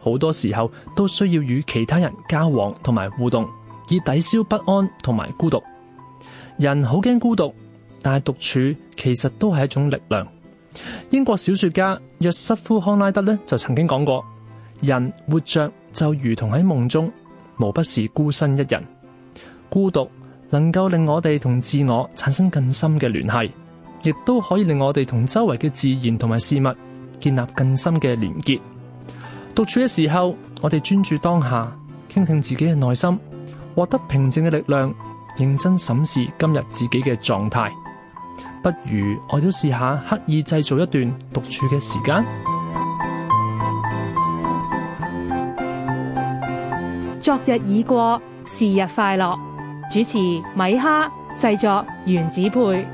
好多時候都需要與其他人交往同埋互動，以抵消不安同埋孤獨。人好驚孤獨，但係獨處其實都係一種力量。英國小說家約瑟夫·康拉德呢就曾經講過：「人活着就如同喺夢中，無不是孤身一人。孤獨能夠令我哋同自我產生更深嘅聯繫，亦都可以令我哋同周圍嘅自然同埋事物建立更深嘅連結。」獨處嘅時候，我哋專注當下，傾聽自己嘅內心，獲得平靜嘅力量，認真審視今日自己嘅狀態。不如我都試下刻意製造一段獨處嘅時間。昨日已過，是日快樂。主持米哈，製作原子配。